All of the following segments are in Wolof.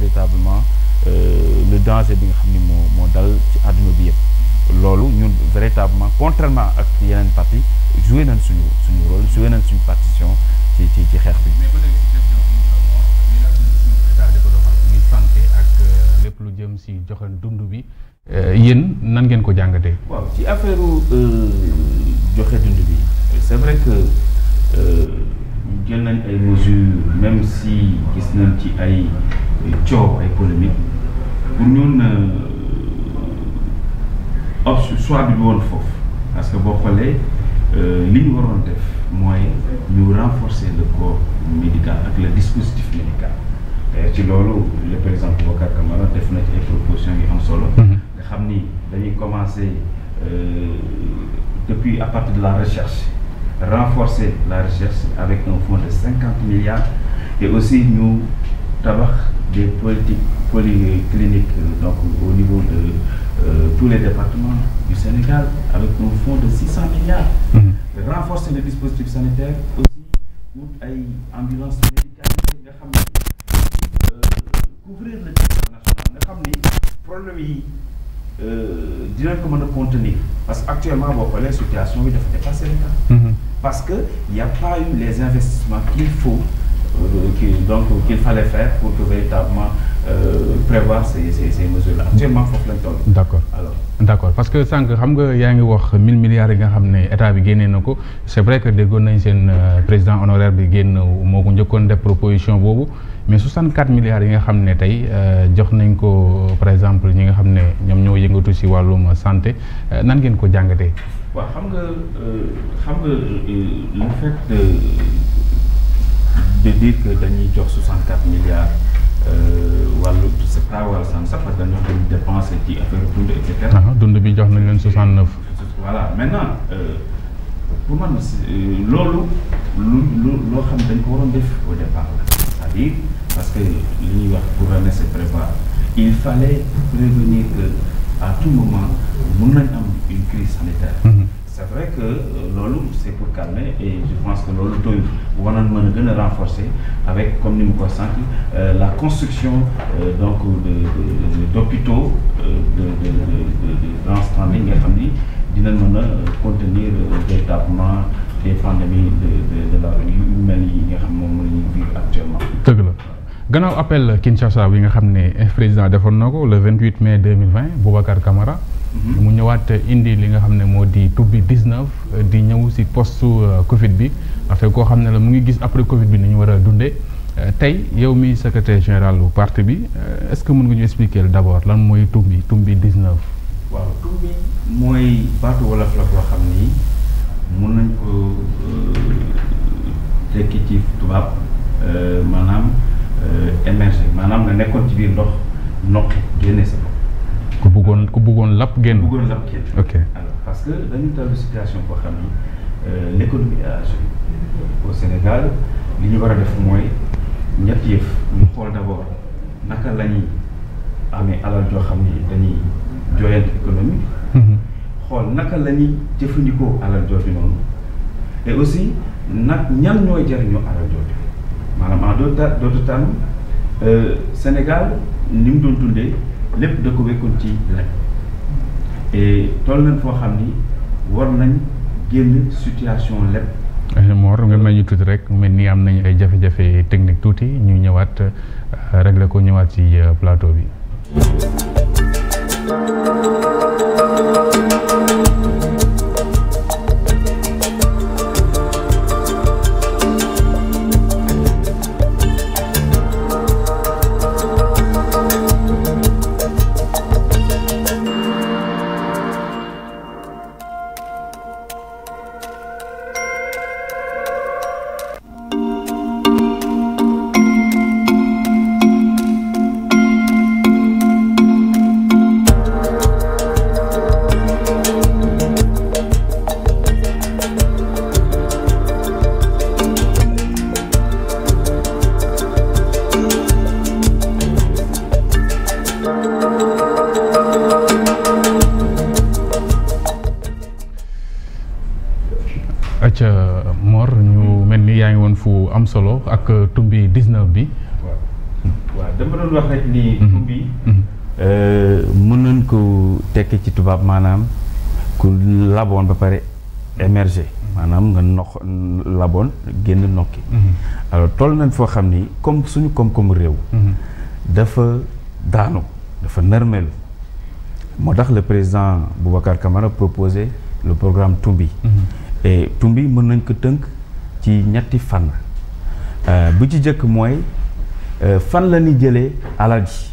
véritablement euh, le danger bi nga xam ni moo moo dal ci àdduna bi yëpp loolu ñun véritablement contrairement ak yeneen parti joué nañ suñu suñu rôle joué nañ suñu partition ci ci ci xeex bi. ak euh, lépp lu jëm si joxe dund bi. Euh, yéen nan ngeen ko jàngatee. waaw ci affaire joxe dund bi c'est vrai que jël nañ ay mesures même si gis nañ ci ay. coow ay polémique bu ñun option euh, choix bi du foofu parce que boo xoolee euh, li ñu waroon def mooy ñu renforcer le corps médical ak le dispositif médical d'ailleurs ci loolu le président Boubacar Camara def na ci ay propositions yu am solo mhm. nga xam ni dañuy commencer euh, depuis à partir de la recherche renforcer la recherche avec un fonds de cinquante milliards et aussi ñu tabax des politiques polycliniques donc au niveau de euh, tous les départements du Sénégal avec un fonds de six cent milliards. Mmh. renforcer le dispositif sanitaire aussi wut ay ambulances médicalisées nga xam ni euh, couvrir le territoire nga xam ni problème yi euh, dinañ ko mën a contenir parce que actuellement boo xoolee situation bi dafa dépassé le mm-hmm. parce que y a les investissements qu'il faut. qui donc qu'il fallait faire pour que véritablement euh, prévoir d'accord parce que sànq xam nga yaa ngi wax mille milliards yi nga xam ne état bi génnee na ko c'est vrai que déggoon nañ seen euh, président honoraire bi génn moo ko njëkkoon def proposition boobu mais 64 milliards yi nga xam ne tey euh, jox nañ ko par exemple ñi nga xam ne ñoom ñoo yëngatu ci wàllum santé nan ngeen ko jàngatee. waaw xam nga xam nga le de dire que dañuy jox 64 milliards euh, wàllu c'est pas wàllu san sapa dañoo dem dépenser ci affaire dund et cetera ah, dund bi jox nañ leen 69 voilà maintenant euh, pour man euh, loolu lu lu loo xam dañ ko waroon def au départ la cest parce que li ñuy wax gouverner c'est prévoir il fallait prévenir que tout moment mun nañ am une crise sanitaire mm-hmm. c' vrai que euh, loolu c' est pour calmer et je pense que loolu doyul war nañ mën a gën renforcer avec comme ni mu ko sànq euh, la construction euh, donc de d' hôpitaux de de de grand ni dinañ mën a contenir véritablement des pandémies de de la yu mel yi nga xam moom la ñuy vivre actuellement. dëgg la gannaaw appel Kinshasa bi nga xam ne président defoon na ko le 28 mai 2020 Boubacar Camara. mu ñëwaat indi li nga xam ne moo di tubbi 19 euh, di ñëw si postu euh, Covid bi parce que koo xam ne la mu ngi gis après Covid bi ni ñu war a dundee euh, tey yow mi secrétaire général bu parti bi est-ce que mën nga ñu expliquer d' abord lan mooy tubbi tubbi 19. waaw tubbi mooy baatu wolof la koo xam ni mun nañ ko tekki ci tubaab maanaam émerger maanaam nga nekkoon ci biir ndox noqe génne sa ku bëggoon ku bëggoon lap génn. bëggoon lap génn. ok alors parce que dañu toll situation boo xam ni euh, l' économie est à jour Sénégal li ñu war a def mooy ñett yëf ñu xool d' abord naka lañuy ñuy amee alal joo xam ni dañuy jooyant économie. Mhm. xool naka la ñuy jëfandikoo alal jooju noonu et aussi nag ñan ñooy jëriñoo alal jooju maanaam en d'autres d'autres termes euh, Sénégal ni mu doon dundee. lépp da ko wekkoon ci laj et toll nañ foo xam ni war nañ génn situation lépp Mor nga may ñu tuuti rek mel ni am nañu ay jafe-jafe technique tuuti ñu ñëwaat euh, régler ko ñëwaat ci euh, plateau bi acca Mor ñu mm. mel ni yaa ngi woon fu am solo ak tumbi 19 bi. waaw waaw dama doon wax rek ni. Mm-hmm. tumbi. Mm-hmm. Euh, mën nañ ko tekki ci tubaab maanaam ku laboon ba pare émerger maanaam nga nox laboon génn nokki mm-hmm. alors toll nañ foo xam ni comme suñu koom-koomu réew. dafa daanu dafa nërmel moo tax le président Boubacar Camara proposé le programme Tumbi. Mm te tumbi mën nañ ko tënk ci ñetti fànn euh, bu ci jëkk mooy euh, fan la ñuy jëlee alal ji.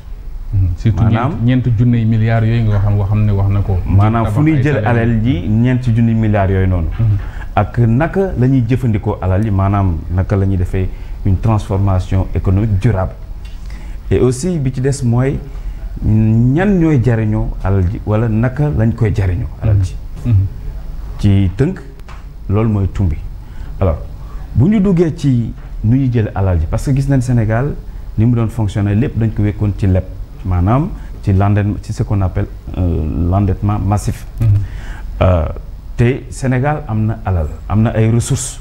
Hmm, surtout ñeenti junniy milliards yooyu nga xam xam ne wax na ko. maanaam fu ñuy jële alal ji ñeenti junniy milliards yooyu noonu. Hmm. ak naka lañuy jëfandikoo alal yi maanaam naka lañuy defee une transformation économique durab et aussi bi ci des mooy ñan ñooy jariñoo alal ji wala naka lañ koy jariñoo alal ji. Hmm. ci tënk loolu mooy tumbi alors bu ñu duggee ci nu ñu jëlee alal ji parce que gis nañ Sénégal ni mu doon fonctionner lépp dañ ko wékkoon ci leb maanaam ci l'endettement ci ce qu'on appelle euh, l'endettement massif mm-hmm. euh, te Sénégal am na alal am na ay ressources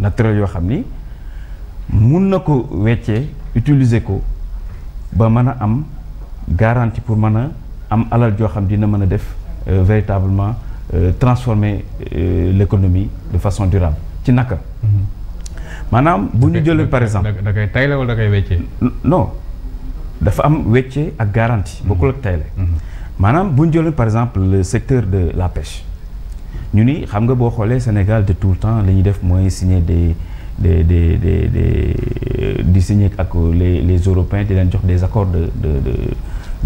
naturelles yoo xam ni mun na ko weccee utiliser ko ba mën a am garanti pour mën a am alal joo xam dina mën a def euh, véritablement Euh, transformer euh, l'économie de façon durable ci naka. Mm-hmm. maanaam bu ñu jëlee par exemple. da koy tayle wala da koy weccee. non dafa am weccee ak garantie. Mm-hmm. bokkul ak tayle. Mm-hmm. maanaam bu ñu jëlee par exemple le secteur de la pêche ñu ni xam nga boo xoolee Sénégal de tout le temps li def mooy signer des des de des euh, di signer ak les les européens di leen jox des accords de de de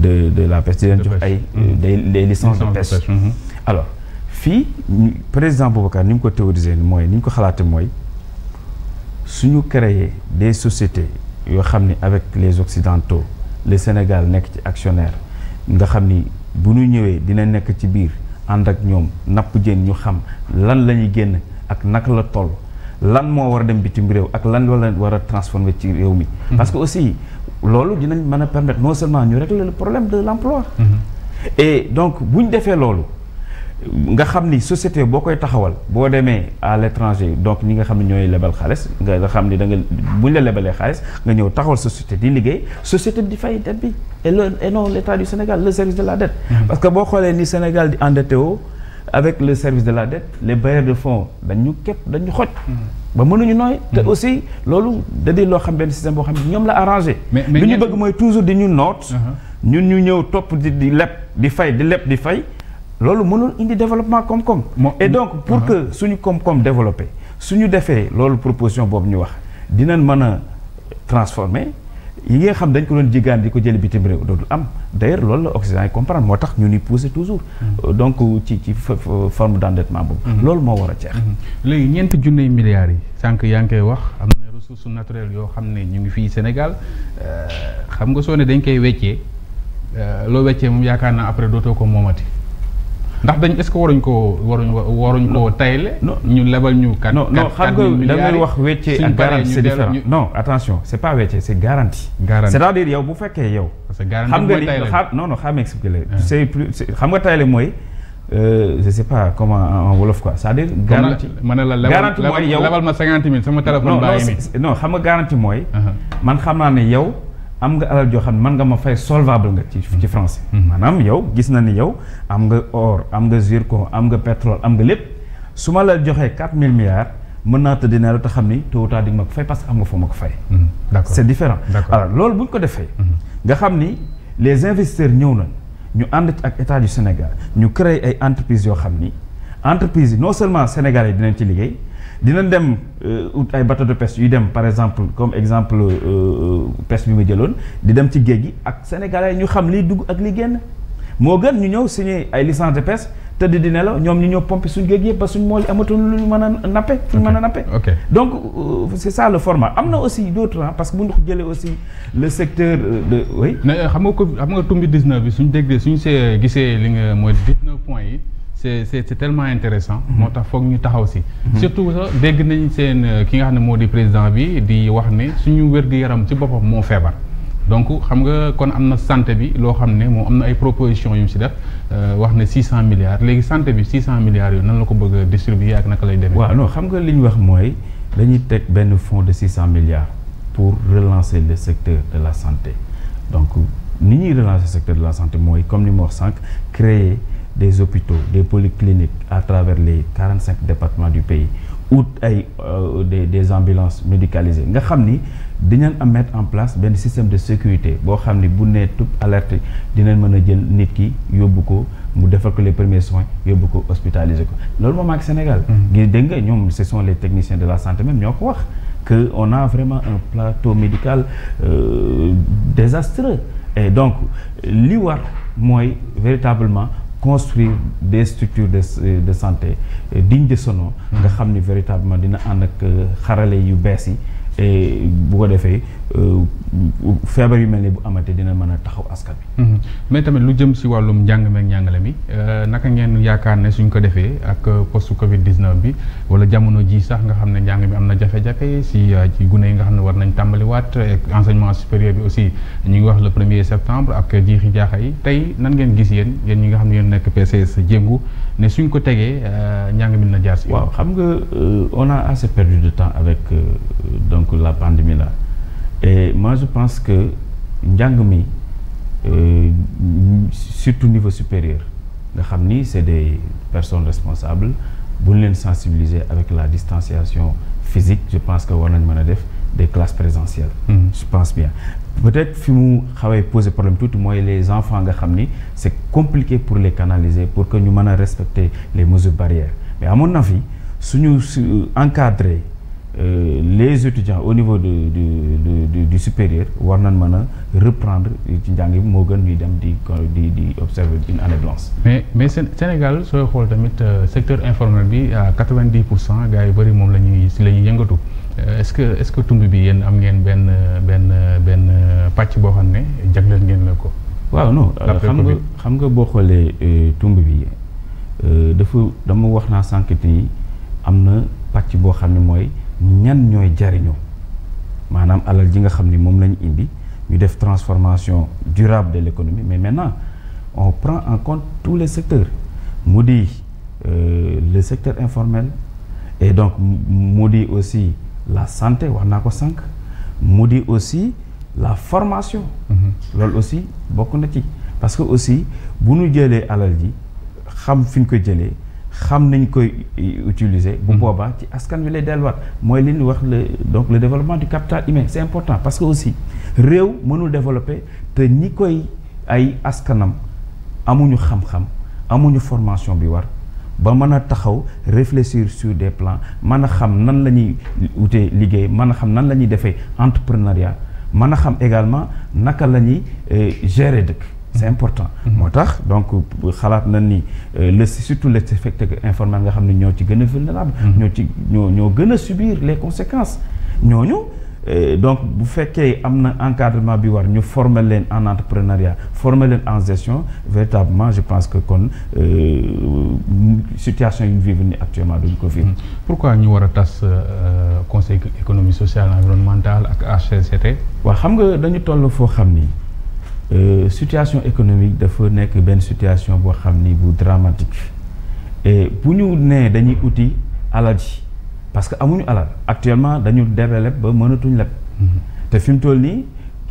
de de la pêche di leen jox ay. des licences de pêche alors. fii président Boubacar ni mu ko théorisé mooy ni ñu ko xalaate mooy suñu créer des sociétés yoo xam ni avec les occidentaux les Sénégal nekk ci actionnaires nga xam ni bu ñu ñëwee dina nekk ci biir ànd ak ñoom napp jën ñu xam lan la ñuy génn ak naka la toll lan moo war a dem bitim réew ak lan la war a transformer ci réew mi. Mm-hmm. parce que aussi loolu dinañ mën a permettre non seulement ñu rek la problème de l'emploi. Mm-hmm. et donc bu defee loolu. nga xam ni société boo koy taxawal boo demee à l' étranger donc ñi nga xam ne ñooy lebal xaalis nga xam ni da nga bu ñu la lebalee xaalis nga ñëw taxawal société di liggéey société bi di fay dette bi et le et non l' état du Sénégal le service de la dette. Mm-hmm. parce que boo xoolee ni Sénégal di endetté woo avec le service de la dette les bailleurs de fonds dañu képp dañu xoj. Mm-hmm. ba mënuñu nooy te mm-hmm. aussi loolu da di loo xam benn système boo xam ne ñoom la arrangé. mais ñu bëgg mooy toujours di ñu noot. Uh-huh. ñun ñu ñëw topp di di leb di fay di leb di fay. loolu mënul indi développement koom-koom. et donc pour que suñu koom-koom développé suñu defee loolu proposition boobu ñu wax dinañ mën a transformer yi nga xam dañ ko doon jigaan di ko jële bitim réew dootul am d'ailleurs loolu la Occident yi comprendre moo tax ñu ni pousser toujours mmh. euh, donc ci ci forme d'endettement boobu mmh. loolu moo war a jeex mmh. léegi ñeenti junney milliards yi sànq yaa ngi koy wax am na ressources naturelles yoo xam ne ñu ngi fii Sénégal euh, xam nga soo ne dañ koy weccee euh, loo weccee moom yaakaar naa après dootoo ko moomati ndax dañ est-ce que waruñ ko waruñ waruñ koo tayle ñu lebal ñu kat non non xam nga da ngay wax wecce ak garantie c'est différent non attention c'est pas wecce yow bu fekkee yow xam nga li non non xaam expliqué la c'est plus xam nga mooy Euh, je sais pas comment en wolof quoi c'est-à-dire. garantie ma ne ma cinquante mille sama téléphone. xam nga garantie mooy. Ah. man xam naa ne yow. am nga alal joo xam ne mën nga ma fay solvable nga ci mm-hmm. ci français maanaam yow gis na ni yow am nga or am nga zircon am nga pétrole am nga lépp su ma la joxee quatre mille milliards mën naa tëdd naa la te xam ni tôt ou tard di ma ko fay parce que am nga foo ma ko fay mm-hmm. d'accord c'est différent alors loolu bu ñu ko defee mm-hmm. nga xam ni les investisseurs ñëw nañ ñu ànd ci ak état du Sénégal ñu créer ay entreprises yoo xam ni entreprises yi non seulement Sénégal yi dinañ ci liggéey dina dem euh, ut ay bato de pêche yu dem par exemple comme exemple euh, euh, pêche bi mu jëloon di dem ci géej gi ak sénégalais ñu xam liy dugg ak li génn moo gën ñu ñëw signé ay licence de pêche tëdd di nelaw ñoom ñu ñëw pompe suñ géej yëpp ba suñ moo yi amatul lu ñu mën a nappe fu ñu mën a nappe donc c'est ça le format am na aussi d'autres parce que bu ñu jëlee aussi le secteur de oui. mais xam nga ko xam nga tumbi 19 bi suñ déggee suñ see gisee li nga mooy 19 points yi. c'est c'est c'est tellement intéressant mhm. moo tax foog ñu taxaw si mhm. surtout sa dégg nañ seen euh, ki nga xam ne moo di président bi di wax ne suñu wér-gu-yaram ci boppam moo feebar donc xam nga kon am na santé bi loo xam ne moom am na ay proposition yu mu si def euh, wax ne six cent milliards léegi santé bi six cent milliards yooyu nan la ko bëgg a distribuer ak naka lay demee waaw non xam nga li ñu wax mooy dañuy teg benn fonds de six cent milliards pour relancer le secteur de la santé donc ni ñuy relancer secteur de la santé mooy comme ni ma wax sànq créer des hôpitaux des polycliniques à travers les quarante cinq départements du pays ut ay euh, des des ambulances médicalisées nga xam ni dinañ am mettre en place benn système de sécurité boo xam ni bu nee tub alerte dinañ mën a jël nit ki yóbbu ko mu defal ko les premiers soins yóbbu ko hospitaliser ko loolu moom ak Sénégal. Mm-hmm. gi nga ñoom ce les techniciens de la santé même ñoo ko wax que on a vraiment un plateau médical euh, désastreux et donc li war mooy véritablement. construire des structures de euh, de santé dignes de ce nga xam ni véritablement dina ànd ak euh, xarale yu bees yi bu ko defee Euh, feebar yu mel ni bu amatee dina mën a taxaw askan bi mhm. mais tamit lu jëm si wàllum njàng meek njàngale mi euh, naka ngeen yaakaar ne suñ ko defee ak euh, post Covid 19 bi wala jamono ji sax nga xam ne njàng mi am na jafe-jafe si ci gune yi nga xam ne war nañ tàmbaliwaat enseignement supérieur bi aussi ñu ngi wax le premier septembre ak jiixi jaaxa yi tey nan ngeen gis yéen yéen ñi nga xam ne yéen nekk PCS jëngu ne suñ ko tegee njàng mi na jaar si waaw xam nga on a assez de temps avec donc la pandémie là et je pense que njàng mi euh, surtout niveau supérieur nga xam ni c'est des personnes responsables bu ñu leen sensibiliser avec la distanciation physique je pense que war nañ mën a def des classes présentielles mm-hmm. je pense bien peut-être fi mu xawee poser problème tuuti mooy les enfants nga xam ni c'est compliqué pour les canaliser pour que ñu mën a respecter les mesures barrières mais à mon avis suñu euh, encadrer Euh, les étudiants au niveau de du du du supérieur war nañ mën a reprendre ci njàng bi moo gën ñuy dem di di di observer une année blanche. mais mais Sénégal sooy xool tamit euh, secteur informel bi à quatre vingt dix pour cent gars yu bëri moom la ñuy si la ñuy yëngatu. Euh, est-ce que est-ce que tumb bi yéen am ngeen benn benn benn pàcc boo xam ne jagleel ngeen la ko. waaw non xam nga xam nga boo xoolee tumb bi dafa dama wax naa sànq yi am na pàcc boo xam ne mooy. ñan ñooy jariñoo maanaam alal ji nga xam ni moom lañu indi ñu def transformation durable de l'économie mais maintenant on prend en compte tous les secteurs mu di euh, le secteur informel et donc mu di aussi la santé wax naa ko sànq mu di aussi la formation mm-hmm. loolu aussi bokk na ci parce que aussi bu nu jëlee alal ji xam fi ñu ko jëlee xam nañ koy utiliser. bu mm-hmm. boobaa ci askan wi lay delluwaat mooy li ñu wax le donc le développement du capital humain c'est important parce que aussi réew mënul développer te ñi koy ay askanam amuñu xam-xam amuñu formation bi war ba mën a taxaw réfléchir sur des plans mën a xam nan la ñuy wutee liggéey mën a xam nan la ñuy defee entrepreneuriat mën a xam également naka la ñuy euh, gérer dëkk. c'est important. Mm-hmm. moo tax donc xalaat na ni euh, le surtout le secteur informel nga xam ne ñoo ci gën a vulnérable. Mm-hmm. ñoo ci ñoo ñoo gën a subir les conséquences ñooñu. Euh, donc bu fekkee am na encadrement bi war ñu formel leen en entrepreneuriat former leen en gestion véritablement je pense que kon euh, situation yi ñu vivre ni actuellement duñu ko fi. Mm-hmm. pourquoi ñu war a tas conseil économie sociale environnementale ak HCCT. waa xam nga dañu toll foo xam ni. Euh, situation économique dafa nekk benn situation boo xam ni bu dramatique et bu ñu nee dañuy wuti alal ji parce que amuñu alal actuellement dañu debe leb ba mënatuñ leb mm-hmm. te fi mu toll nii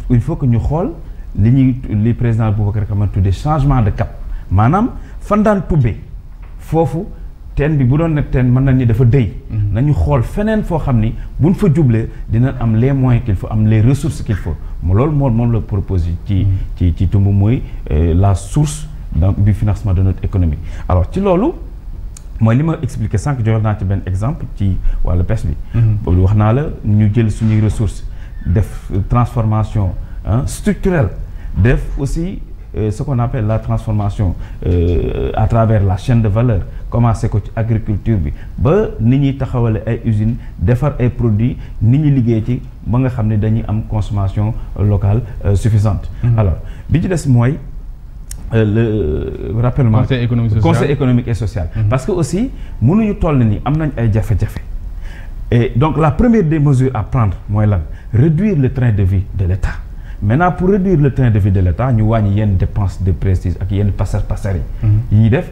il faut que ñu xool li ñuy li président Boubacar Camara tuddee changement de cap maanaam fan daan tubbee foofu teen bi bu doon ne teen mën nañ dafa dëy mm-hmm. nañu xool feneen foo xam ni buñ fa jublee dina am les moyens qu'il faut am les ressources qu'il moo mu loolu moom moom la proposé mm-hmm. ci ci ci tumb mooy euh, la source donc du financement de notre économie alors ci loolu mooy li ma expliqué sànq joxe naa ci benn exemple ci wàllu pêche bi mm-hmm. boobu wax naa la ñu jël suñuy ressources def transformation structurelle def aussi Euh, ce qu'on appelle la transformation euh, à travers la chaîne de valeur commencé ko ci agriculture bi ba nit ñuy taxawale ay usines defar ay produits nit ñi liggéey ci ba nga xam ne dañuy am consommation locale euh, suffisante mm-hmm. alors bi ci des mooy le rappellement conseil économique social et social. Mm-hmm. parce que aussi mënuñu toll ni am nañ ay jafe-jafe. et donc la première des mesures à prendre mooy lan réduire le train de vie de l'État. maintenant pour réduire le train de vie de ñu wàññi yenn dépense de prestige ak yenn pasar pasar yi. Mhm. yi ñuy def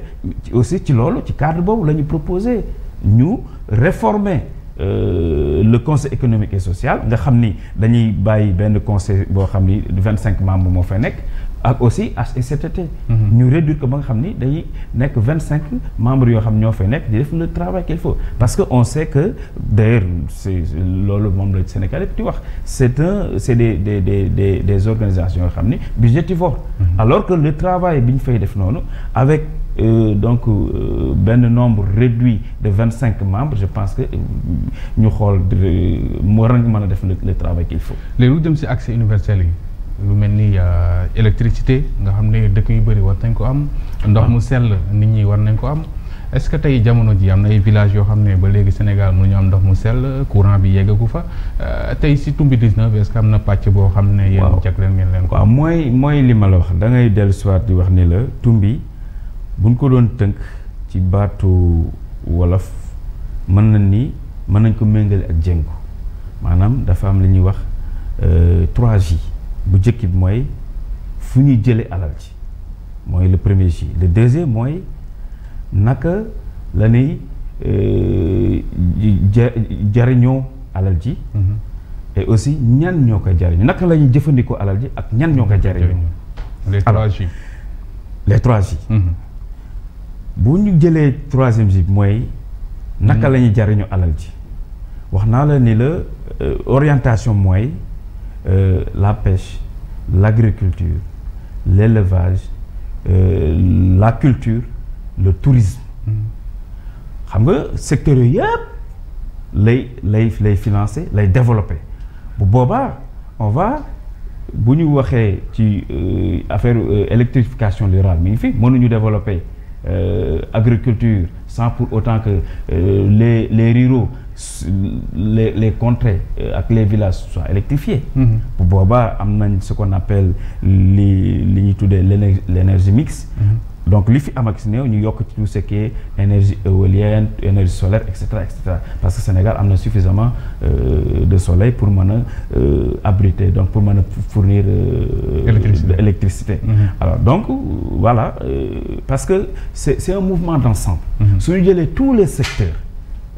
aussi ci loolu ci cadre boobu la ñu proposé ñu réformer euh, le conseil économique et social nga xam ni dañuy bàyyi benn conseil boo xam ni vingt cinq membres moo fa nekk ak aussi HCCT. Mhm. ñu réduire ko ba nga xam ni day nekk vingt cinq membre yoo xam ñoo fay nekk di def le travail qu'il faut parce que on sait que d'ailleurs loolu moom la Sénégal yëpp di wax c'est un c'est des des des des des organisations yoo xam ni budgétivores mhm. alors que le travail bi ñu fay def noonu avec Euh, donc euh, benn nombre réduit de vingt cinq membre je pense que euh, ñu xool euh, mu war nañu mën a def le travail qu'il faut. léegi lu jëm ci accès universel yi. lu mel ni euh, électricité nga xam ne dëkk yu bëri war nañ ko am. ndox mu sell nit ñi war nañ ko am. est ce que tey jamono ji am na ay villages yoo xam ne ba léegi Sénégal mënuñu am ndox mu sell courant bi yeggagu fa euh, tey si tumbi 19 est am na pàcc boo xam ne. yéen jagleel ngeen leen ko. waaw mooy mooy li ma la wax dangay ngay dellu di wax ne la tumbi buñ ko doon tënk ci baatu wolof mën na nii mën nañ ko méngale ak jéngu maanaam dafa am li ñuy wax 3J. Euh, bu njëkk bi mooy fu ñuy jëlee alal ci mooy le premier ji le deuxième mooy naka la ñuy euh, jariñoo alal ji mm-hmm. et aussi ñan ñoo koy jariñoo naka la ñuy jëfandikoo alal ji ak ñan ñoo ko jariñoo les trois J les trois J mm-hmm. bu ñu jëlee troisième ji mooy naka mm-hmm. la ñuy jariñoo alal ji wax naa la ni la euh, orientation mooy euh, la pêche l'agriculture l'élevage euh, la culture le tourisme xam nga secteur yooyu yëpp lay lay lay financer lay développer bu boobaa on bu ñu waxee ci euh, affaire euh, électrification rurale mi ngi fi mënuñu développer Euh, agriculture sans pour autant que euh, les les ruraux les les contrées euh, ak les villages soient électrifiés. bu mm-hmm. boobaa am nañ ce qu'on appelle li li ñuy tuddee l'énergie l'énergie mixte. Mm-hmm. donc li fi am ak si néew ñu yokk ci tout ce qui est énergie éolienne énergie solaire et cetera et parce que Sénégal am na suffisamment euh, de soleil pour mën a euh, abriter donc pour mën a fournir. Euh, électricité mhm. alors donc voilà parce que c'est c'est un mouvement d'ensemble. Mhm. su ñu jëlee tous les secteurs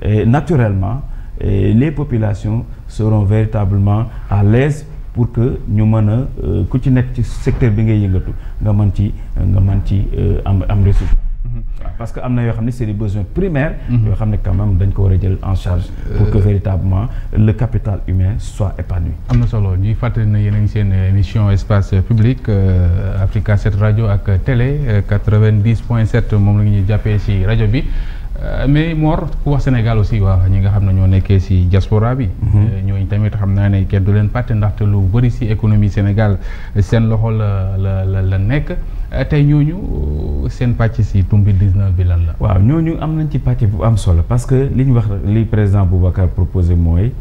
et naturellement les populations seront véritablement à l'aise pour que ñu mën a euh, ku ci nekk ci secteur bi ngay yëngatu nga mën ci nga mën ci euh, am am résultat. Mhm. parce que am na yoo xam ne c'est des besoins primaires. Mhm. yoo xam ne quand même dañ ko war a jël en charge. pour que euh, véritablement le capital humain soit épanoui. am na solo ñuy fàttali na yéen a ngi seen émission espace public Africa 7 rajo ak télé 90 point 7 moom la ñuy jàppee ci rajo bi. Euh, mais Mor ku wax Sénégal aussi waaw ñi nga xam ne ñoo nekkee si diaspora bi. Mhm. Euh, ñooñu tamit xam naa ne kenn du leen pàtte ndaxte lu bëri si économie Sénégal seen loxo la la la la nekk euh, tey ñooñu seen pàcc si tumbi 19 bi lan la. waaw ñooñu am nañ ci pàcc bu am solo parce que li ñu wax li président Boubacar proposé mooy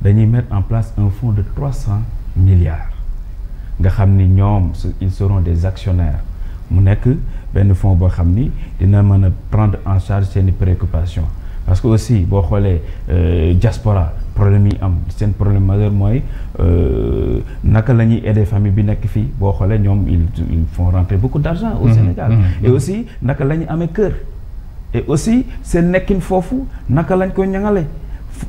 dañuy mettre en place un fonds de 300 milliards nga xam ni ñoom ils seront des actionnaires. mu nekk benn fonds boo xam ni dina mën a prendre en charge seeni préoccupation parce que aussi boo xoolee jaspora euh, problème yi am seen problème majeur mooy euh, naka la ñuy aider famille bi nekk fii boo xoolee ñoom ils font rentrer beaucoup d'argent au mmh, Sénégal mmh, mmh. et aussi naka la ñu amee kër et aussi seen nekkin foofu naka lañ ko ñangale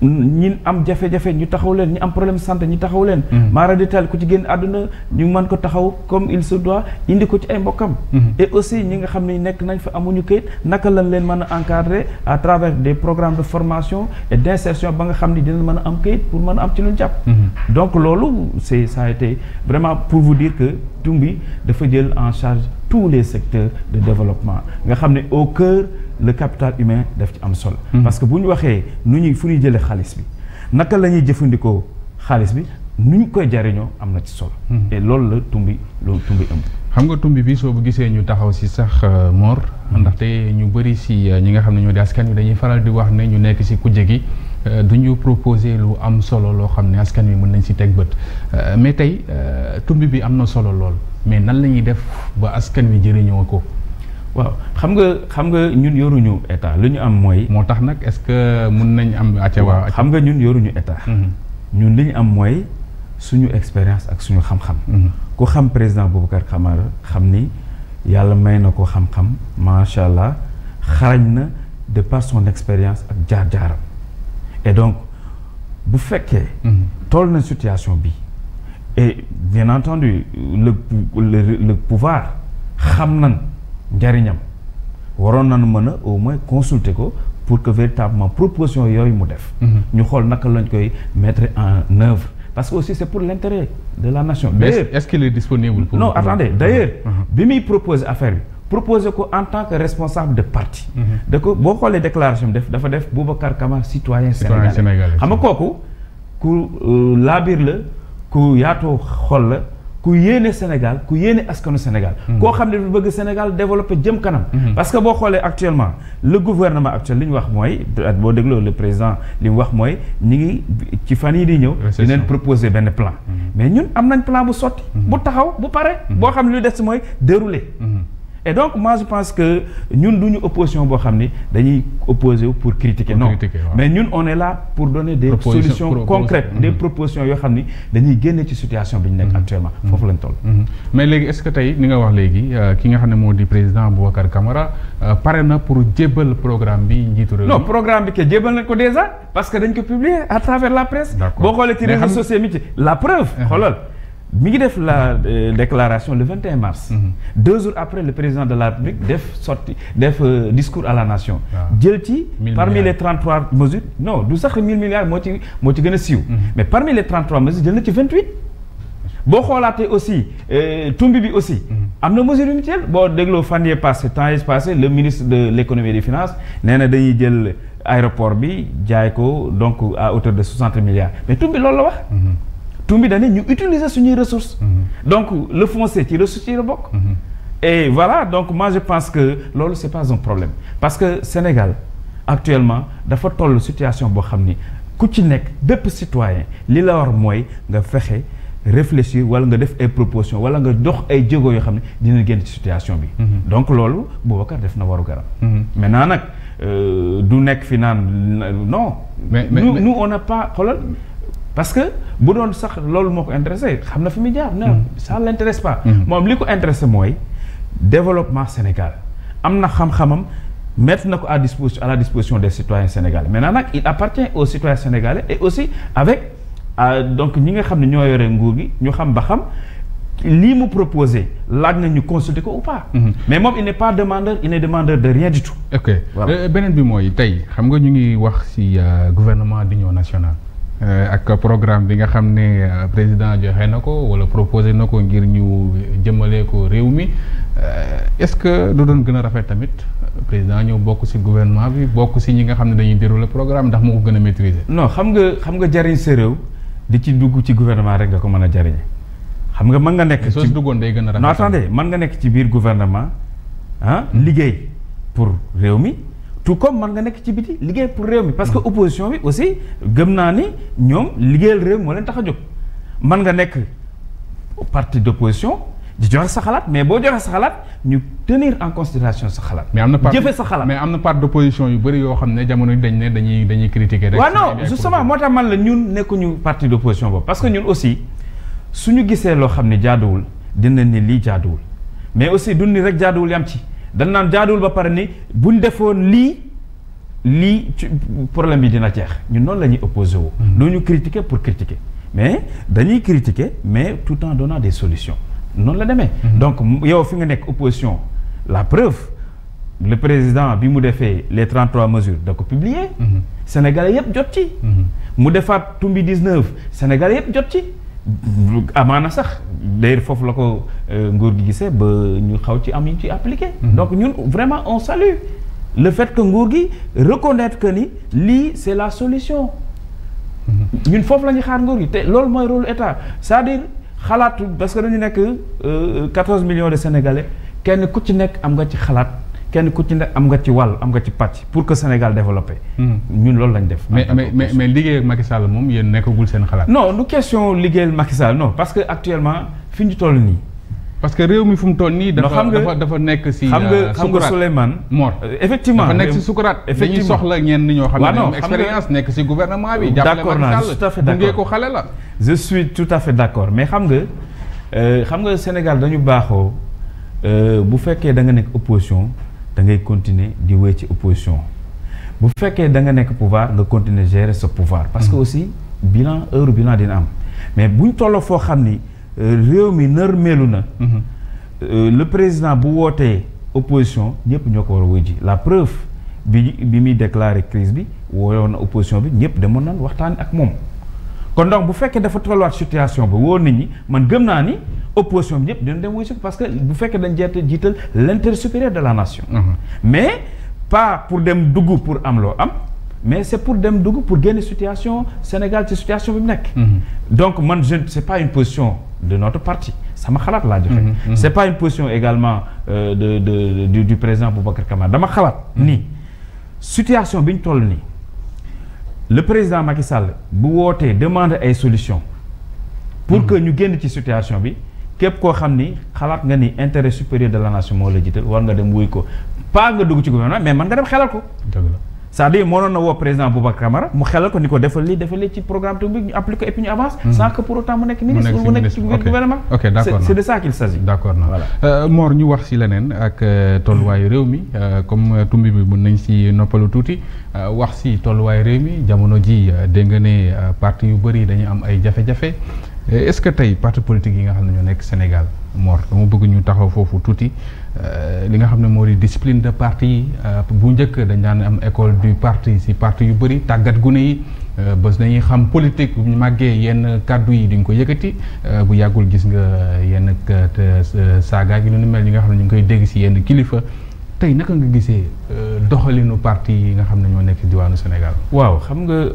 ñi am jafe-jafe ñu taxaw leen ñu am problème santé ñu taxaw leen maara mm-hmm. détail ku ci génn àdduna ñu mën ko taxaw comme il se doit indi ko ci ay mbokkam mm-hmm. et aussi ñi nga xam ne nekk nañ fi amuñu kayit naka lañ leen mën a encadrer à travers des programmes de formation et d' insertion ba nga xam ni dinañ mën a am kayit pour mën a am ci luñ jàpp mm-hmm. donc loolu c' est ça a vraiment pour vous dire que Tumbi dafa jël en charge tous les secteurs de développement nga xam ne au cœur le capital humain daf ci am solo. Hmm. parce que bu ñu waxee nu ñuy fu ñuy jëlee xaalis bi naka la ñuy jëfandikoo xaalis bi nu ñu koy jariñoo am na ci solo. Hmm. et loolu la tumbi loolu tumbi ëmb. xam nga tumbi bi soo bu gisee ñu taxaw si sax euh, Mor. Hmm. ndaxte ñu bëri si euh, ñi nga xam ne ñoo di askan wi dañuy faral di wax ne ñu nekk si kujje gi. Euh, du ñu proposé lu am solo loo xam ne askan wi mën nañ si teg bët mais tey tumbi bi am na solo lool mais nan la ñuy def ba askan wi jëriñoo ko. waaw xam nga xam nga ñun yoruñu état li ñu am mooy. moo tax nag est-ce que mun nañ am. acca waaw xam nga ñun yoruñu état. Mm-hmm. ñun li ñu am mooy suñu expérience ak suñu xam-xam. Mm-hmm. ku xam président Boubacar Camara xam ni yàlla may na ko xam-xam macha allah xarañ na de par son expérience ak jaar-jaaram et donc bu fekkee. Mm-hmm. toll na situation bi et bien entendu le pouvoir xam nañ. njariñam waroon nañu mën a au moins consulter ko pour que véritablement proposition yooyu mu def. Mhm. ñu xool naka lañ koy mettre en œuvre parce que aussi c'est pour l'intérêt de la nation. d'ailleurs est-ce qu'il est mhm. Mhm. bi muy proposer affaire bi. proposer ko en tant que responsable de parti. da ko boo xoolee déclaration bi def dafa def Boubacar Kama citoyen sénégalais. xam nga kooku ku euh, laabir la ku yaatoo xool la. ku yéene Sénégal ku yéene askanu Sénégal. Hmm. koo xam ne dafa bëgg Sénégal développé jëm kanam. Hmm. parce que boo xoolee actuellement le gouvernement actuel li ñu wax mooy boo dégloo le président li wax mooy ñi ngi ci fan yi di ñëw. dinañ proposer benn plan. Hmm. mais ñun am nañ plan bu sotti. bu taxaw bu pare. boo xam ne lu des mooy dérouler. et donc moi je pense que ñun du ñu opposition boo xam ni dañuy opposé wu pour critiquer non mais ñun on est là pour donner des solutions concrètes des mhm. propositions yoo xam ni dañuy génne ci situation bi ñu nekk mhm. actuellement mhm. foofu lañ toll mais léegi est-ce que tey ni nga wax léegi euh, ki nga xam ne moo di président Boubacar Camara euh, pare na pour jébbal programme bi njiitu réew non programme bi ke jébbal nañ ko déjà parce que dañ ko publier à travers la presse mi ngi def la euh, déclaration le 21 mars. Mhm. deux jours après le président de la République def sorti def euh, discours à la nation. Ah. jël ci parmi les 33 mesures. non du sax 1000 milliards moo ci moo ci gën a siiw. Mhm. mais parmi les 33 mesures jël na ci boo xoolaatee aussi euh, tumbi bi aussi. Mhm. am na mesure yu mu jël boo dégloo fan yee passé temps yii passé le ministre de l' économie et des na dañuy jël aéroport bi jaay ko donc à hauteur de 60 milliards mais tumbi loolu la wax. tuum bi dañu ñu utiliser suñuy ressources. Mm-hmm. donc le foncier ci ressources yi la bokk. Mm-hmm. et voilà donc moi je pense que loolu c'est pas un problème parce que Sénégal actuellement dafa toll situation boo xam ni ku ci nekk bépp citoyen li la war mooy nga fexe réfléchir wala nga def ay propositions wala nga dox ay jéego yoo xam ne dina génn ci situation bi. Mm-hmm. donc loolu Boubacar def na waru garam. maintenant nag euh, du nekk fi naan non. mais on n'a pas xoolal. parce que bu doon sax loolu moo ko intéressé xam na fi muy jaar. non mm. ça l'intéresse pas. Mm. moom li ko intéressé mooy développement Sénégal am na xam-xamam mettre na ko à disposition à la disposition des citoyens sénégalais maintenant nag il appartient aux citoyens sénégalais et aussi avec euh, donc ñi nga xam ne ñoo yore nguur gi ñu xam ba xam. lii mu proposé laaj nañu consulter ko ou pa mm-hmm. mais moom il n'est pas demandeur il n'est demandeur de rien du tout. ok euh, mooy tey xam nga ñu ngi wax ci euh, gouvernement d'union nationale. Euh, ak programme bi nga xam ne euh, président joxe na ko wala proposé na ko ngir ñu jëmale ko réew mi euh, est-ce que du doon gën a rafet tamit président ñëw bokk ci gouvernement bi bokk ci ñi nga xam ne dañuy dérouler programme ndax moo ko gën a maîtriser. non xam nga xam nga jariñ sa réew di ci dugg ci gouvernement rek nga ko mën a jariñe xam nga mën nga nekk. soo ci duggoon day gën a rafet non attendez mën nga nekk ci biir gouvernement ah liggéey pour réew mi. tout comme man nga nekk ci biti liggéey pour réew mi parce que opposition bi aussi gëm naa ni ñoom liggéeyal réew moo leen tax a jog man nga nekk parti d'opposition di joxe sa xalaat mais boo joxe sa xalaat ñu tenir en considération sa xalaat. mais am na part sa xalaat mais am na part d'opposition yu bëri yoo xam ne jamono dañ ne dañuy dañuy critiquer rek. waaw non justement moo tax man la ñun nekkuñu parti d'opposition boobu parce que ñun aussi su ñu gisee loo xam ne jaaduwul dina ni lii jaaduwul mais aussi duñ ni rek jaaduwul yam ci. dañ naan jaaduwul ba pare ni buñ defoon lii lii problème bi dina jeex ñun noonu la ñuy opposé wu. Mm-hmm. du ñu critiquer pour critiquer mais dañuy critiquer mais tout en donnant des solution noonu la demee. Mm-hmm. donc yow fi nga nekk opposition la preuve. le président bi mu defee les 33 mesures da ko publier. Mm-hmm. Sénégalais yëpp jot ci. mu defaat tumbi 19 Sénégalais yëpp jot ci. amaana sax d'ailleurs foofu la ko euh, nguur gi gisee ba ñu xaw ci am ñu ci appliqué. Mhm. donc ñun vraiment on salue le fait que nguur gi reconnaitre que ni lii c'est la solution. Mhm. ñun foofu la ñuy xaar nguur gi te loolu mooy rôle état c'est-à-dire xalaat parce que dañu nekk 14 euh, millions de sénégalais kenn ku ci nekk am nga ci xalaat. kenn ku ci ne am nga ci wàll am nga ci pàcc pour que Sénégal développé. Hmm. ñun loolu lañ def. mais mais mais liggéey ak Macky moom yéen nekkagul seen xalaat. no lu question liggéeyal Macky Sall non parce que actuellement fi ñu toll nii. parce que réew mi fu mu toll nii. dafa dafa nekk si. xam nga euh, xam nga Souleymane Mor euh, effectivement dafa nekk si sukuraat. dañuy soxla ñenn ñoo xam ne expérience nekk si gouvernement bi. jàppale Macky Sall bu ngee ko xale la. je suis tout à fait d' accord mais xam nga euh, xam nga Sénégal dañu baaxoo bu fekkee da nga nekk opposition da ngay continuer di wéy ci opposition bu fekkee da nga nekk pouvoir nga continuer gérer sa pouvoir. parce que mm-hmm. aussi bilan heure bilan dina am mais buñ tolloo foo xam ni euh, réew mi nër melu na. Mm-hmm. Euh, le président bu wootee opposition ñëpp ñoo ko war a wuy ji la preuve bi bi muy déclarer crise bi woon na opposition bi ñëpp demoon nañ waxtaan ak moom. kon donc bu fekkee dafa tolluwaat situation bi woo nit ñi man gëm naa ni opposition bi ñëpp dina dem wuy si parce que bu fekkee dañ jeet jiital l'intérêt supérieur de la nation mhm. mais pas pour dem dugg pour am loo am mais c'est pour dem dugg pour génne situation Sénégal ci situation bi mu nekk mhm. donc man je c'est pas une position de notre parti sama xalaat laa joxe mhm. c'est pas une position également euh, de, de du, du président Boubacar Camara dama xalaat nii situation bi ñu toll nii le président Macky Sall bu wootee demande ay solutions pour que ñu ci situation bi képp koo xam ni xalaat nga ni intérêt supérieur de la nation moo la jiital war nga dem wuy ko pas nga dugg ci gouvernement mais man nga dem xelal ko. c'est-à-dire mënoon na woo président Boubacar Camara mu xelal ko ni ko defal lii defal lii ci programme technique ñu appliqué ko et puis ñu avance. Hmm. sans que pour autant mu nekk ministre mu nekk ci gouvernement. ok d'accord c'est de euh, ñu wax si leneen ak euh, tolluwaayu réew mi euh, comme tumbi bi mun nañ si noppalu tuuti wax si tolluwaayu réew mi jamono ji dégg nga ne parti yu bëri dañu am ay jafe Euh, est-ce que tey parti politique yi nga xam ne ñoo nekk Sénégal moor dama bëgg ñu taxaw foofu tuuti euh, li nga xam ne moo di discipline de parti yi euh, bu njëkk dañu daan am école du parti si partie yu bëri tàggat gune yi bés dañuy xam politique bu ñu màggee yenn kàddu yi duñ ko yëkkati bu yàggul gis nga yenn saagaag yi lu mel yi nga xam ne ñu ngi koy dégg si yenn kilifa tey naka nga gisee doxalinu parti yi nga xam ne ñoo nekk diwaanu Sénégal. waaw xam nga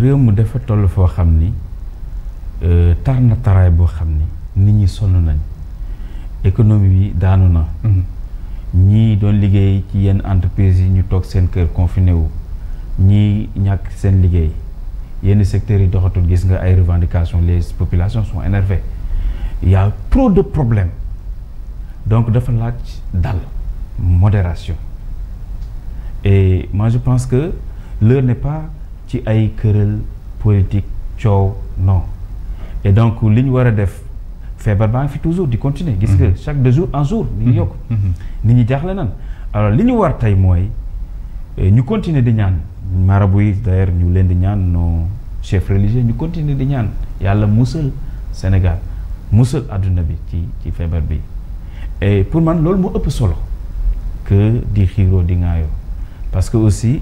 réew mu dafa toll foo xam ni. Euh, tar na taraay boo xam ni nit ñi sonn nañ économie bi daanu na mm-hmm. ñii doon liggéey ci yenn entreprise yi ñu toog seen kër confiné wu ñii ñàkk seen liggéey yenn secteurs yi doxatul gis nga ay revendications les populations sont énervées il trop de problème donc dafa laaj dal modération et moi je pense que l'heure n'est pas ci ay këral politique coow non et donc li ñu war a def feebar baa ngi fi toujours di continuer gis nga mhm. chaque deux jours en jour ñu ngi mhm. yokk mhm. nit ñi jaaxle nan alors li ñu war tey mooy eh, ñu continuer di ñaan marabu yi d'ailleurs ñu leen di ñaan nos chefs religieux ñu continuer di ñaan yàlla musal Sénégal musal àdduna bi ci ci feebar bi et pour man loolu moo ëpp solo que di xiiroo di ŋaayoo parce que aussi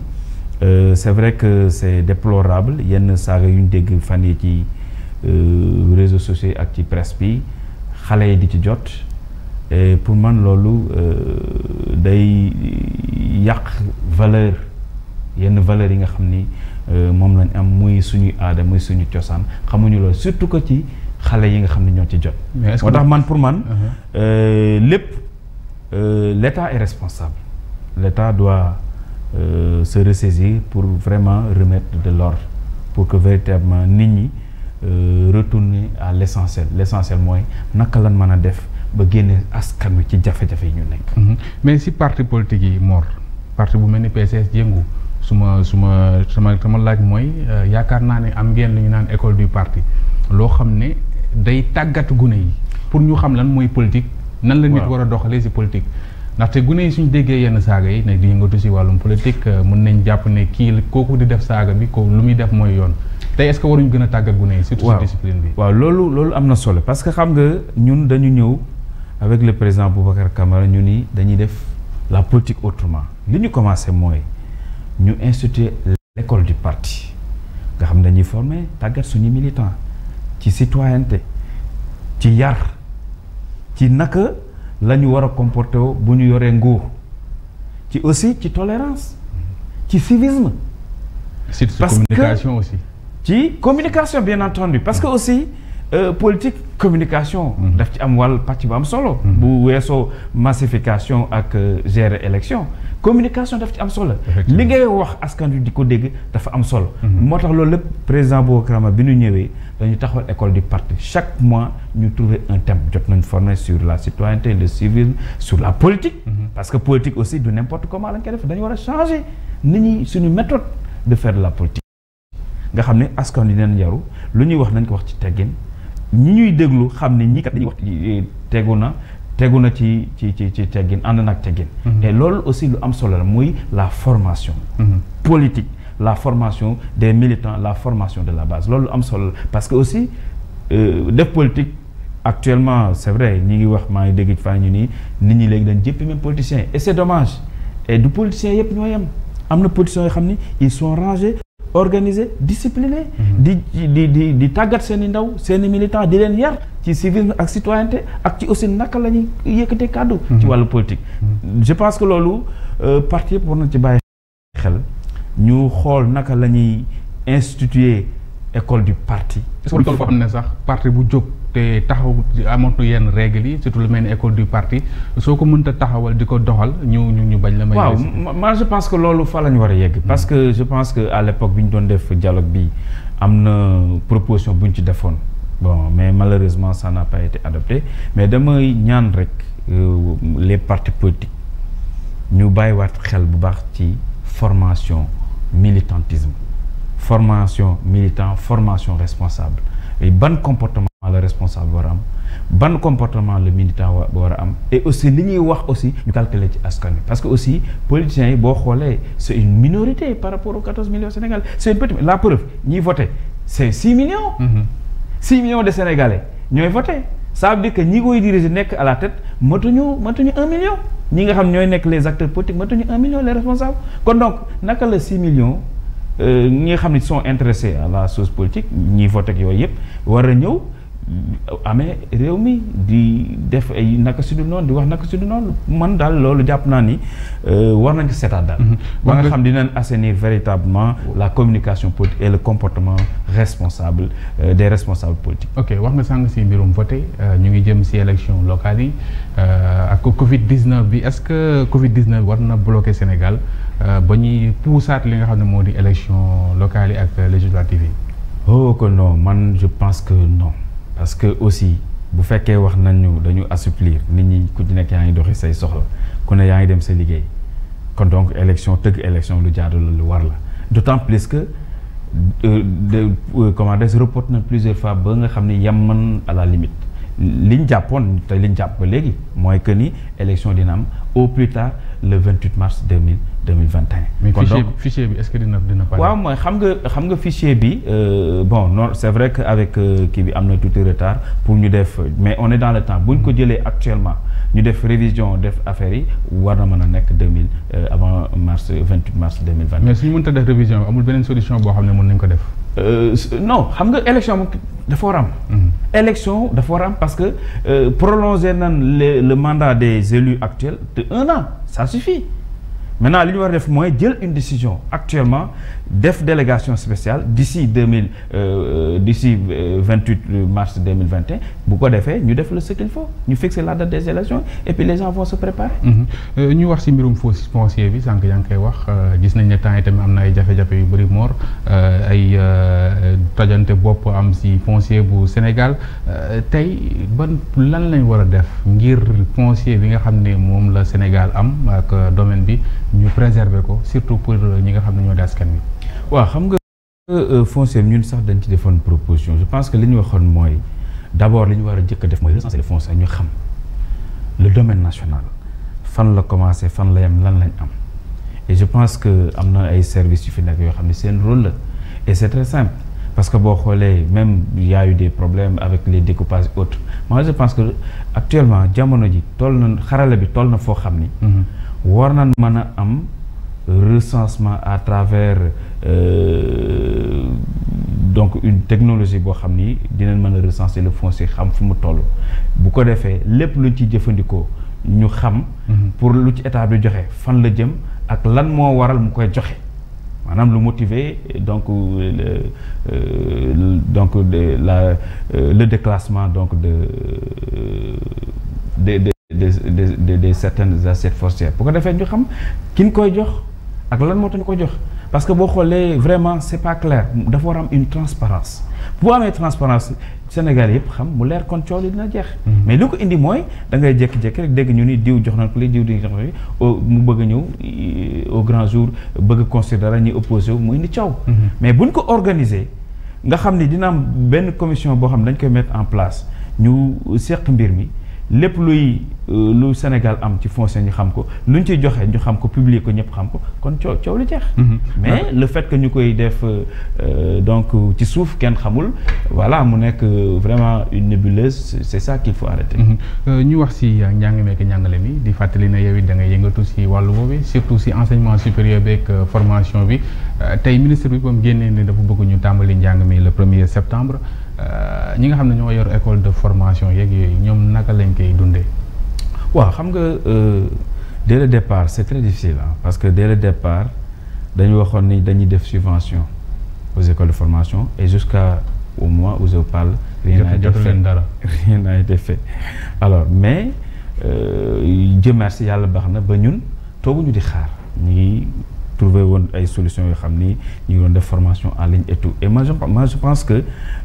euh, c'est vrai que c'est déplorable yenn saaga yu ñu dégg fan yi ci Euh, réseaux sociaux ak ci presse bi xale yi di ci jot et pour man loolu euh, day yàq valeur yenn valeurs yi nga xam ni euh, moom lañ am muy suñuy aada muy suñu cosaan xamuñu loolu surtout que ci xale yi nga xam ne ñoo ci jot. moo tax man pour man. Uh-huh. lépp l'État est responsable. L'État doit se ressaisir pour vraiment remettre de l'ordre pour que véritablement nit ñi. Euh, retourner à l' essentiel l' essentiel mooy naka lan mën a def ba génne askan wi ci jafe-jafe yi ñu nekk. Mhm. mais si parti politique yi Mor parti bu mel ni PCS yëngu su ma suma ma sama sama laaj mooy euh, yaakaar naa ne am ngeen lu ñu naan école du parti loo xam ne day tàggat gune yi pour ñu xam lan mooy politique. nan la nit war a doxalee si politique. ndaxte gune yi suñ déggee yenn saaga yi ne di yëngatu si wàllum politique euh, mën nañ jàpp ne kii kooku di def saaga bi ko lu muy def mooy yoon. tey est-ce que waruñu gën a tàggat gune yi surtout si discipline bi waaw loolu loolu am na solo parce que xam nga ñun dañu ñëw avec le président Boubacar Camara ñu ni dañuy def la politique autrement li ñu commencé mooy ñu instituer l'école du parti nga xam dañuy former tàggat suñu militant ci citoyenneté ci yar ci naka lañu ñu war a comporter woo bu ñu yoree nguur ci aussi ci tolérance ci civisme. parce que communication aussi. ci communication bien entendu parce que aussi euh, communication mhm. daf ci am wàll pàcc bu am solo mhm. bu weesoo massification ak euh, gérer élection communication daf ci am solo li ngay wax askan wi di ko dégg dafa am solo mhm. moo tax loolu lépp président Boubacar Camara bi nu ñëwee dañu taxawal école du parti chaque mois ñu trouver un thème jot nañ former sur la citoyenneté le civisme sur la politique parce que politique aussi du n'importe comment lañ koy def dañu war a changer nit ñi suñu la politique nga xam ne askan wi dinañ yaru lu ñuy wax nañ ko wax ci teggin ñu ñuy déglu xam ne ñii kat dañuy wax eh, tegu na tegu na ci ci ci ci teggin ànd na ak teggin. Mm-hmm. et loolu aussi lu am solo la muy la formation. Mm-hmm. politique la formation des militants la formation de la base loolu am solo parce que aussi euh, def politique. actuellement c'est vrai ñi ngi wax maa ngi dégg fan ñu nii nit ñi léegi dañ jëpp même politiciens et c'est dommage et du politicien yëpp ñoo yem am na politiciens yoo xam ni ils sont rangés organisé discipliné. di di di di tàggat seen i ndaw seen i militant di leen yar ci civisme ak citoyenneté ak ci aussi naka la ñuy yëkkatee kàddu. ci mhm. wàllu politique. je pense que loolu euh, parti yëpp war na ci bàyyi xel ñu xool naka la ñuy instituer. école du parti. est-ce que tool foo sax parti bu jóg te taxaw amatu yenn règles yi surtout lu mel ni école du parti soo ko mënta taxawal di ko doxal ñu ñu bañ la. may waaw man je pense que loolu fa la ñu war yegg. parce que je pense que à ñu doon def dialogue bi am na proposition bu ñu ci defoon bon mais malheureusement ça n'a pas été adopté mais damay ñaan rek euh, les partis politiques ñu bàyyiwaat xel bu baax ci formation militantisme. formation militant formation responsable et ban comportement la responsable war a am ban comportement le militant war am et aussi li ñuy wax aussi ñu calculer ci askan wi parce que aussi politiciens yi boo xoolee c' une minorité par rapport aux 14 millions Sénégalais c' une petite la preuve ñiy voté c' est 6 millions. Mm de Sénégalais ñooy voté ça dire que ñi koy diriger nekk à la tête matuñu matuñu 1 million ñi nga xam ñooy nekk les acteurs politiques matuñu 1 million les responsables kon la 6 Euh, ñi nga xam ne sont intéressés à la chose politique ñiy voté yooyu yëpp war na ñëw amee réew mi di def ay naka su dul noonu di wax naka su dul noonu man daal loolu jàpp naa ni euh, war nañ ko seetaat daal. Mhm. ba nga xam dinañ assenir véritablement la communication politique et le comportement responsable euh, des responsables politiques. ok wax nga sànq si mbirum voté ñu ngi jëm si élection locale yi ak Covid 19 bi est-ce que Covid bi war na bloquer Sénégal. Euh, ba ñuy puusaat li nga xam ne moo di élection locale yi ak euh, législative yi. oh que non man je pense que non parce que aussi bu fekkee wax nañu dañu assouplir nit ñi ku ci nekk yaa ngi doxi say soxla ku ne yaa ngi dem sa liggéey kon donc élection tëgg élection lu jaadu la lu war la plus que euh, de comment dire report na plusieurs fois ba nga xam ne yemman à la limite li ñu jàppoon te li jàpp ba léegi mooy que ni élection dina am au plus tard le 28 mars 2000 deux mille vingt et un. kon donc fichier bi est dina dina pare. waaw mooy xam nga xam nga fichier bi euh, bon non c'est vrai que avec euh, kii bi am na tuuti retard pour ñu def mais on est dans le temps bu ñu ko jëlee actuellement ñu def révision def affaire yi war na mën a nekk deux mille euh, avant mars vingt huit mars deux mille vingt un. mais mënta def révision amul beneen solution boo xam ne mën nañu ko def. non xam nga élection dafa war am. Mm-hmm. élection dafa war am parce que prolonger nan le le mandat des élus actuels de un an ça suffit. maintenant li ñu war a def mooy jël une décision actuellement def délégation spéciale d'ici deux mille euh, d'ici euh, vingt huit mars deux mille vingt et un bu ko defee ñu def la ce faut ñu fixer la date des élections et puis les gens vont préparer. Mhm. Euh, ñu wax ci mbirum si foncier bi sànq yaa ngi koy wax gis nañ ne temps yi am na ay jafe-jafe yu bëri moor ay tajante bopp am ci foncier bu Sénégal tey ban lan lañu war a def ngir foncier bi nga xam ne moom la Sénégal am ak domaine bi. ñu préserver ko surtout pour euh, ñi nga xam ne ñoo di askan wi. waaw xam nga euh, euh, foncière ñun sax dañ ci defoon proposition je pense que li ñu waxoon mooy d' li ñu war a jëkk def mooy recenser le foncier ñu xam le domaine national fan la commencé fan la yem lan lañ am et je pense que am na ay services yu fi nekk yoo xam ne seen rôle la et c' est simple parce que boo xoolee même y a eu des problèmes avec les découpages autres moi je pense que actuellement jamono ji toll na xarala bi toll na foo xam ni. Mm-hmm. war nañ mën a am recensement à travers euh, donc une technologie boo xam ni dinañ mën a recenser le si xam fu mu toll bu ko defee lépp luñ ci jëfandikoo ñu xam mhm. pour lu ci état bi joxe fan la jëm ak lan moo waral mu koy joxe maanaam lu motiver donc euh, euh, donc de, la euh, le déclassement donc de de, de des des des certaines assiettes forcières bu ko defee ñu xam ki nu koy jox ak lan moo tax ñu ko jox parce que boo xoolee vraiment c'est pas clair dafa war am une transparence bu amee transparence Sénégal yëpp xam mu leer kon coow li dina jeex. Mhm. mais li ko indi mooy da ngay jékki rek dégg ñu ni diw jox na ko li diw di jox mu bëgg a ñëw au grand jour bëgg a considérer ñi opposé wu mu indi coow. Mhm. mais buñ ko organiser nga xam ni dina am benn commission boo xam ne dañ koy mettre en place ñu seq mbir mi. lépp luy euh, lu Sénégal am ci foncier ñu xam ko luñ ciy joxe ñu xam ko publier ko ñëpp xam ko kon coow coow lu jeex. Mm-hmm. mais le fait que ñu koy def euh, euh, donc ci suuf kenn xamul voilà mu nekk vraiment une nébuleuse c' est ça qu'il faut arrêter. Mm-hmm. ñu wax si njàng meek njàngale mi di fàttali na yow it da ngay yëngatu si wàllu boobu surtout si enseignement supérieur beeg formation bi tey ministre bi ba mu génnee ne dafa bëgg ñu tàmbali njàng mi le premier septembre. Euh, ñi nga xam ne ñoo yor école de formation yeeg yooyu ñoom naka lañ koy dundee. waaw xam nga euh, dès le départ c'est très difficile ah parce que dès le départ dañu waxoon ni dañuy def subvention aux écoles formation et jusqu'à au mois où je parle. rien n'a été fait rien n'a été alors mais euh, Dieu merci yàlla baax na ba ñun tooguñu di xaar ñu trouvé woon ay solutions yoo xam ni ñu ngi doon def formation en ligne et tout et moi je moi pense que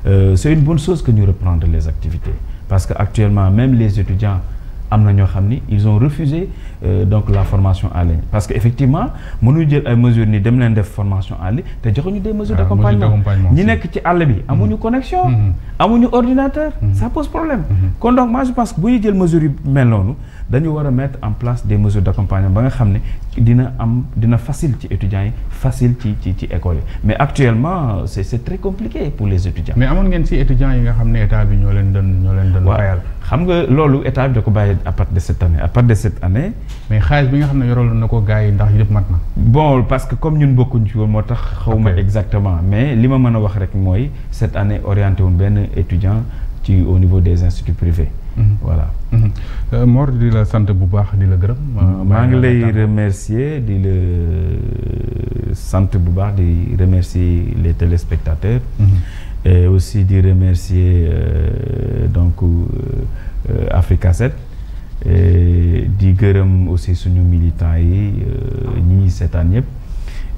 euh, c'est une bonne chose les activités parce que actuellement même les étudiants am na ñoo xam ni ils ont refusé euh, donc la formation en parce que effectivement mënuñu jël ay mesures ni dem leen def formation en ligne te joxuñu des mesures ah, d'accompagnement ñi nekk ci àll bi amuñu mhm. connexion mhm. amuñu ordinateur mhm. ça pose problème kon donc moi je pense que bu ñu jël mesures yu mel noonu dañu war a mettre en place des mesures d'accompagnement ba nga xam ne dina am dina facile ci étudiants yi facile ci ci ci école yi mais actuellement c'est c'est très yi nga xam ne état bi ñoo leen xam nga loolu état da ko bàyyi à partir de set année à partir de cette année. mais xaalis bi nga xam ne yoraloon na ko gars yi ndax yëpp mat na. bon parce que comme ñun bokkuñ ci woon moo tax. xaw ma exactement mais li ma mën a wax rek mooy cette année orienté woon benn étudiant ci au niveau des instituts privés. Mhm. voilà. Mhm. Euh, Mor di la sant bu baax di la gërëm. maa ngi lay remercier di la euh, sant bu baax di remercier les téléspectateurs. Mhm. aussi di remercier euh, donc euh, euh Africa 7 di gërëm aussi suñu militants yi euh, ñi seetaan ñëpp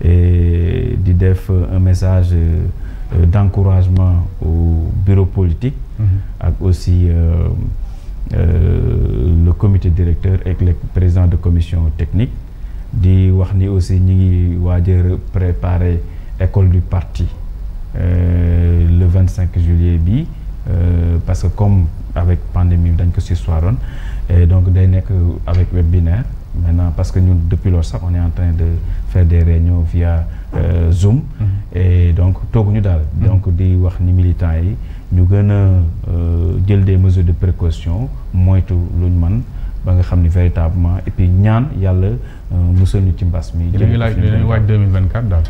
et di def un message euh, d'encouragement au bureau politique mm-hmm. ak aussi le comité directeur et le président de commission technique di wax ni aussi ñu ngi waaj a préparer école du parti Euh, le vingt cinq juillet bi euh, parce que comme avec pandémie dañ ko sussoiroon et donc day nekk avec webinaire maintenant parce que ñun depuis lors sax on est en train de faire des réunions via euh, Zoom. Mm-hmm. et donc tooguñu daal. Mm-hmm. donc di wax ni militants yi ñu gën a euh, jël des mesures de précaution moytu ñu man ba nga xam ni véritablement et puis ñaan yàlla musal ñu ci mbas mi. jërëjëf ñu ngi laaj dañuy waaj 2024 daal.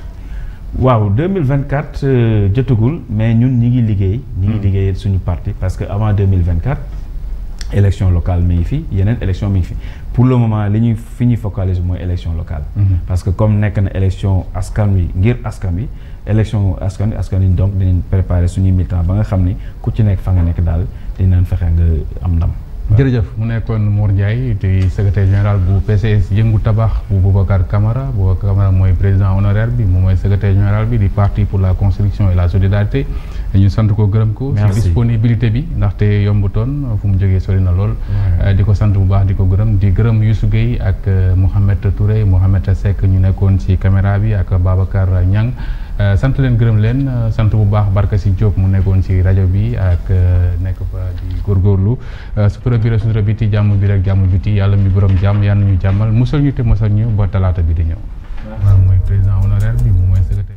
waaw 2024 euh, jotagul mais ñun ñu ngi liggéey. ñi ngi hmm. liggéey suñu parti parce que avant 2024 élection locale mi ngi fi yeneen élection mi ngi fi pour le moment li ñuy fi ñuy focaliser mooy élection locale. Hmm. parce que comme nekk na élection askan wi ngir askan wi. élection askan wi askan wi donc dinañ préparer suñuy militant ba nga xam ni ku ci nekk fa nga nekk daal naan fexe nga am ndam. jërëjëf mu nekkoon moor Ndiaye di secrétaire général bu PCS yëngu tabax bu Boubacar Camara Boubacar Camara mooy président honoraire bi moom mooy secrétaire général bi di parti pour la construction e la solidarité dañu sant ko gërëm ko ci disponibilité bi ndaxte yombutoon fu mu jógee sori na lool euh, di ko sant bu baax di ko gërëm di gërëm Youssou Gueye ak euh, Mouhamed Touré Mouhamed Seck ñu nekkoon ci caméra bi ak Babacar Niang Euh, sant leen gërëm leen euh, sant bu baax Barka si Diop mu nekkoon si rajo bi ak euh, nekk fa di góorgóorlu sutura bi rek sutura bi ci jàmm bi rek jàmm juti yàlla mi borom jàmm yàlla ñu jàmmal musal ñu te musal ñu ba talaata bi di ñëw. waaw président honoraire bi moom mooy secrétaire.